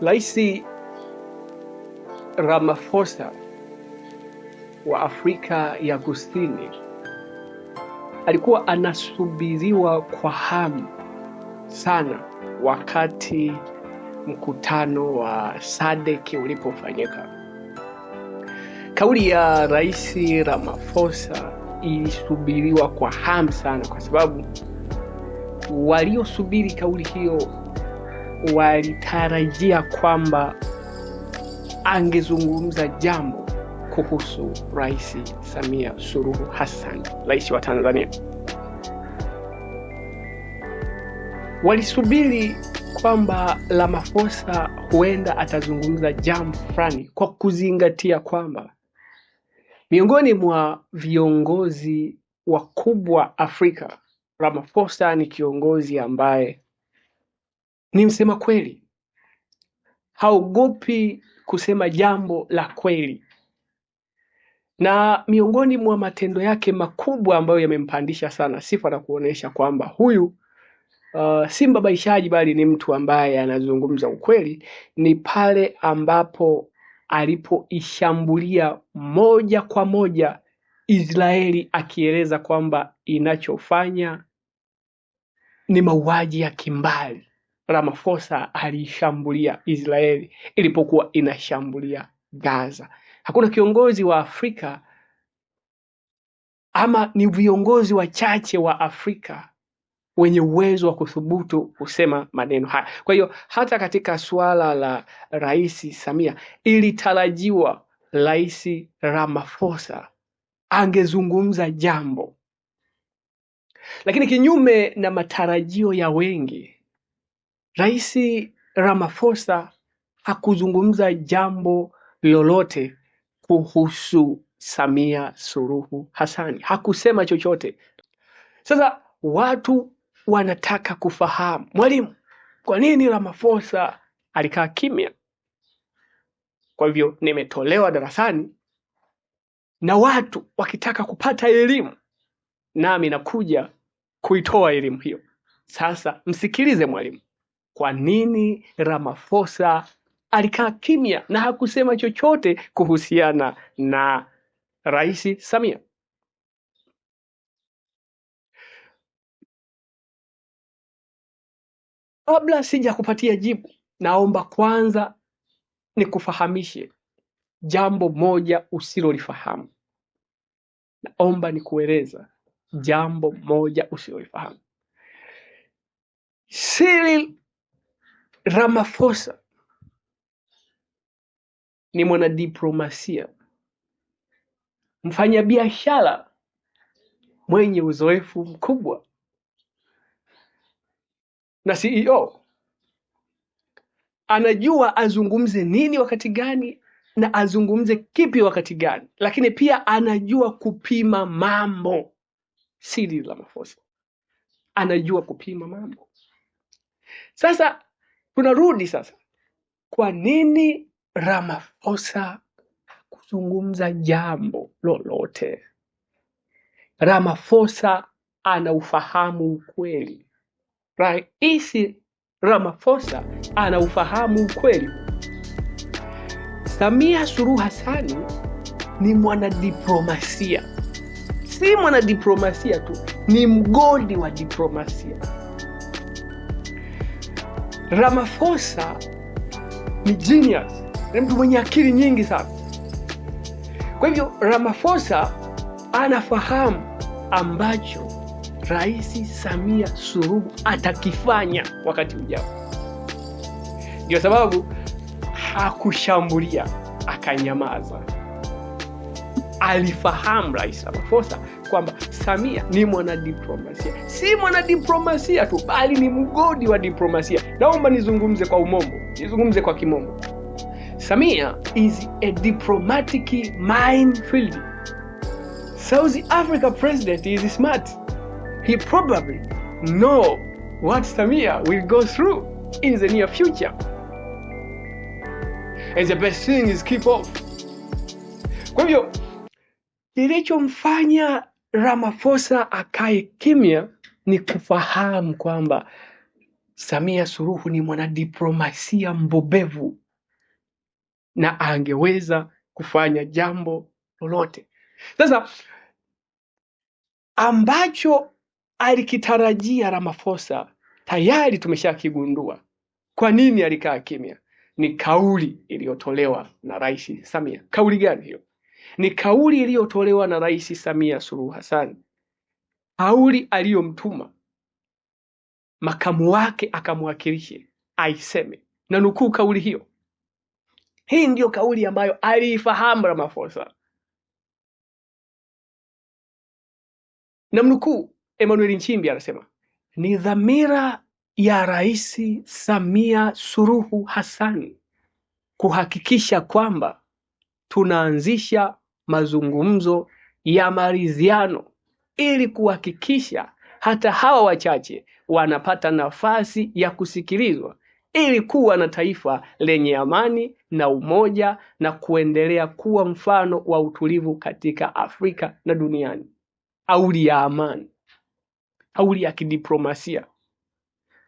Rais Ramaphosa wa Afrika ya Kusini alikuwa anasubiriwa kwa hamu sana wakati mkutano wa SADC ulipofanyika. Kauli ya Rais Ramaphosa ilisubiriwa kwa hamu sana, kwa sababu waliosubiri kauli hiyo walitarajia kwamba angezungumza jambo kuhusu Rais Samia Suluhu Hassan, rais wa Tanzania. Walisubiri kwamba Ramaphosa huenda atazungumza jambo fulani, kwa kuzingatia kwamba miongoni mwa viongozi wakubwa Afrika, Ramaphosa ni kiongozi ambaye ni msema kweli, haogopi kusema jambo la kweli, na miongoni mwa matendo yake makubwa ambayo yamempandisha sana sifa na kuonesha kwamba huyu uh, si mbabaishaji bali ni mtu ambaye anazungumza ukweli ni pale ambapo alipoishambulia moja kwa moja Israeli akieleza kwamba inachofanya ni mauaji ya kimbali Ramaphosa aliishambulia Israeli ilipokuwa inashambulia Gaza. Hakuna kiongozi wa Afrika ama ni viongozi wachache wa Afrika wenye uwezo wa kuthubutu kusema maneno haya. Kwa hiyo hata katika suala la Rais Samia ilitarajiwa Rais Ramaphosa angezungumza jambo, lakini kinyume na matarajio ya wengi Rais Ramaphosa hakuzungumza jambo lolote kuhusu Samia Suluhu Hassan, hakusema chochote. Sasa watu wanataka kufahamu, mwalimu, kwa nini Ramaphosa alikaa kimya? Kwa hivyo nimetolewa darasani na watu wakitaka kupata elimu, nami nakuja kuitoa elimu hiyo. Sasa msikilize mwalimu. Kwa nini Ramaphosa alikaa kimya na hakusema chochote kuhusiana na Rais Samia? Kabla sijakupatia jibu, naomba kwanza nikufahamishe jambo moja usilolifahamu. Naomba nikueleza jambo moja usilolifahamu. Cyril Ramaphosa ni mwanadiplomasia, mfanyabiashara mwenye uzoefu mkubwa na CEO. Anajua azungumze nini wakati gani na azungumze kipi wakati gani, lakini pia anajua kupima mambo. Cyril Ramaphosa anajua kupima mambo. Sasa tunarudi sasa, kwa nini Ramaphosa hakuzungumza jambo lolote? Ramaphosa ana ufahamu ukweli. raisi Ramaphosa ana ufahamu ukweli. Samia Suluhu hasani ni mwanadiplomasia, si mwanadiplomasia tu, ni mgodi wa diplomasia. Ramaphosa ni genius, ni mtu mwenye akili nyingi sana. Kwa hivyo Ramaphosa anafahamu ambacho Rais Samia Suluhu atakifanya wakati ujao, ndio sababu hakushambulia, akanyamaza alifahamu Rais Ramaphosa kwamba Samia ni mwanadiplomasia, si mwanadiplomasia tu, bali ni mgodi wa diplomasia. Naomba nizungumze kwa umombo, nizungumze kwa kimombo. Samia is a diplomatic minefield. South Africa president is smart. He probably know what Samia will go through in the near future. And the best thing is keep off. Kwa hivyo Kilichomfanya Ramaphosa akae kimya ni kufahamu kwamba Samia Suluhu ni mwanadiplomasia mbobevu na angeweza kufanya jambo lolote. Sasa ambacho alikitarajia Ramaphosa tayari tumeshakigundua. Kwa nini alikaa kimya? Ni kauli iliyotolewa na Rais Samia. Kauli gani hiyo? Ni kauli iliyotolewa na Rais Samia Suluhu Hassan, kauli aliyomtuma makamu wake akamwakilishe aiseme, na nukuu kauli hiyo. Hii ndiyo kauli ambayo aliifahamu Ramaphosa, na mnukuu Emmanuel Nchimbi anasema ni dhamira ya Rais Samia Suluhu Hassan kuhakikisha kwamba tunaanzisha mazungumzo ya maridhiano ili kuhakikisha hata hawa wachache wanapata nafasi ya kusikilizwa ili kuwa na taifa lenye amani na umoja na kuendelea kuwa mfano wa utulivu katika Afrika na duniani. Kauli ya amani, kauli ya kidiplomasia,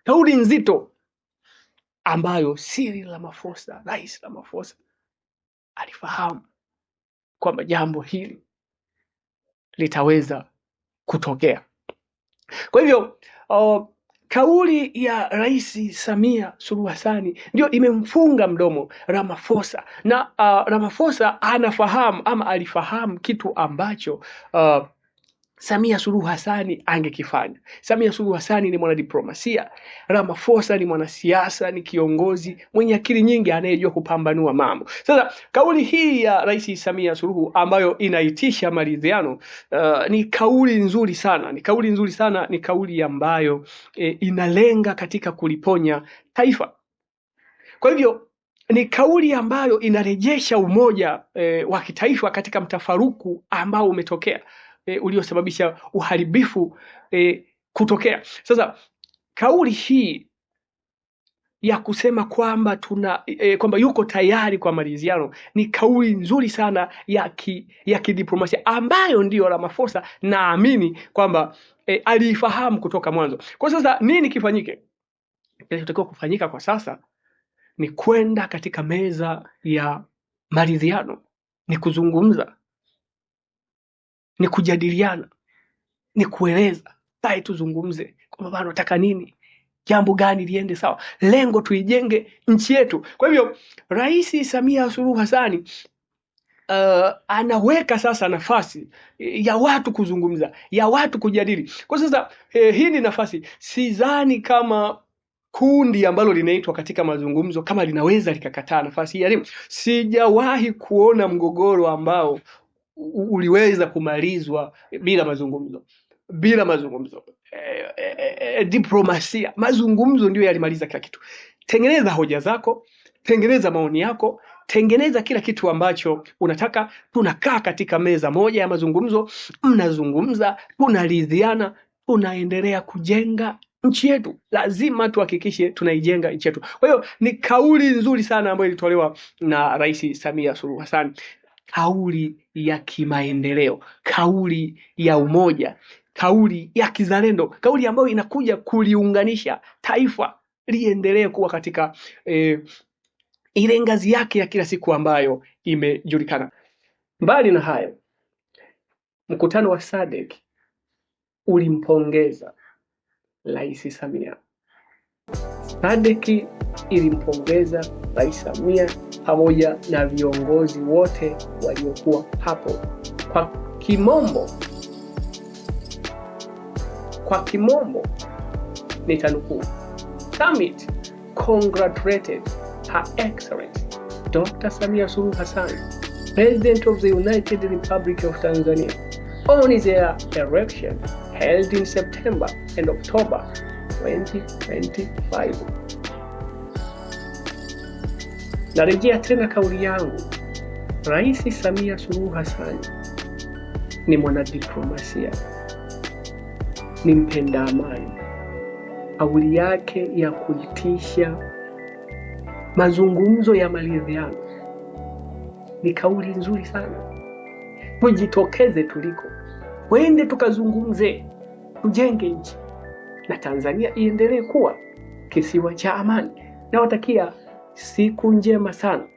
kauli nzito ambayo Cyril Ramaphosa, Rais Ramaphosa alifahamu kwamba jambo hili litaweza kutokea. Kwa hivyo uh, kauli ya Rais Samia Suluhu Hassan ndio imemfunga mdomo Ramaphosa na uh, Ramaphosa anafahamu ama alifahamu kitu ambacho uh, Samia Suluhu Hasani angekifanya. Samia Suluhu Hasani ni mwanadiplomasia, Ramaphosa ni mwanasiasa, ni kiongozi mwenye akili nyingi anayejua kupambanua mambo. Sasa kauli hii ya Rais Samia Suluhu ambayo inaitisha maridhiano uh, ni kauli nzuri sana, ni kauli nzuri sana, ni kauli ambayo eh, inalenga katika kuliponya taifa. Kwa hivyo ni kauli ambayo inarejesha umoja eh, wa kitaifa katika mtafaruku ambao umetokea e, uliosababisha uharibifu e, kutokea. Sasa kauli hii ya kusema kwamba tuna e, kwamba yuko tayari kwa maridhiano ni kauli nzuri sana ya ki, ya kidiplomasia ambayo ndiyo Ramaphosa naamini kwamba e, aliifahamu kutoka mwanzo. Kwa sasa nini kifanyike? Kinachotakiwa kufanyika kwa sasa ni kwenda katika meza ya maridhiano, ni kuzungumza ni kujadiliana, ni kueleza sai, tuzungumze kwamba bana, nataka nini, jambo gani liende sawa, lengo tuijenge nchi yetu. Kwa hivyo Rais Samia Suluhu hasani uh, eh, anaweka sasa nafasi eh, ya watu kuzungumza, ya watu kujadili. Kwa sasa eh, hii ni nafasi, sidhani kama kundi ambalo linaitwa katika mazungumzo kama linaweza likakataa nafasi hii ya Sijawahi kuona mgogoro ambao uliweza kumalizwa bila mazungumzo, bila mazungumzo e, e, e, e, e diplomasia. Mazungumzo ndiyo yalimaliza kila kitu. Tengeneza hoja zako, tengeneza maoni yako, tengeneza kila kitu ambacho unataka. Tunakaa katika meza moja ya mazungumzo, mnazungumza, tunaridhiana, tunaendelea kujenga nchi yetu. Lazima tuhakikishe tunaijenga nchi yetu. Kwa hiyo ni kauli nzuri sana ambayo ilitolewa na Rais Samia Suluhu hasani kauli ya kimaendeleo, kauli ya umoja, kauli ya kizalendo, kauli ambayo inakuja kuliunganisha taifa liendelee kuwa katika eh, ile ngazi yake ya kila siku ambayo imejulikana. Mbali na hayo, mkutano wa SADC ulimpongeza Rais Samia. SADC ilimpongeza Rais Samia pamoja na viongozi wote waliokuwa hapo. Kwa kimombo, kwa kimombo nitanukuu, Summit congratulated Her Excellency Dr. Samia Suluhu Hassan, President of the United Republic of Tanzania on their election held in September and October 2025. Narejea tena kauli yangu, Rais Samia Suluhu Hassan ni mwanadiplomasia, ni mpenda amani. Kauli yake ya kuitisha mazungumzo ya maridhiano ni kauli nzuri sana. Tujitokeze tuliko, wende tukazungumze, tujenge nchi na Tanzania iendelee kuwa kisiwa cha amani. Nawatakia Siku njema sana.